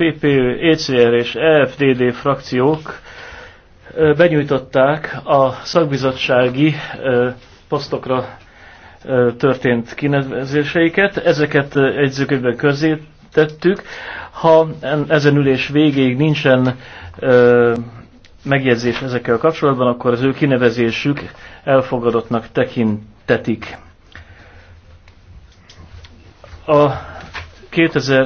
PP, ECR és EFDD frakciók benyújtották a szakbizottsági posztokra történt kinevezéseiket. Ezeket egyzőkönyvben közé tettük. Ha ezen ülés végéig nincsen megjegyzés ezekkel kapcsolatban, akkor az ő kinevezésük elfogadottnak tekintetik. A 2000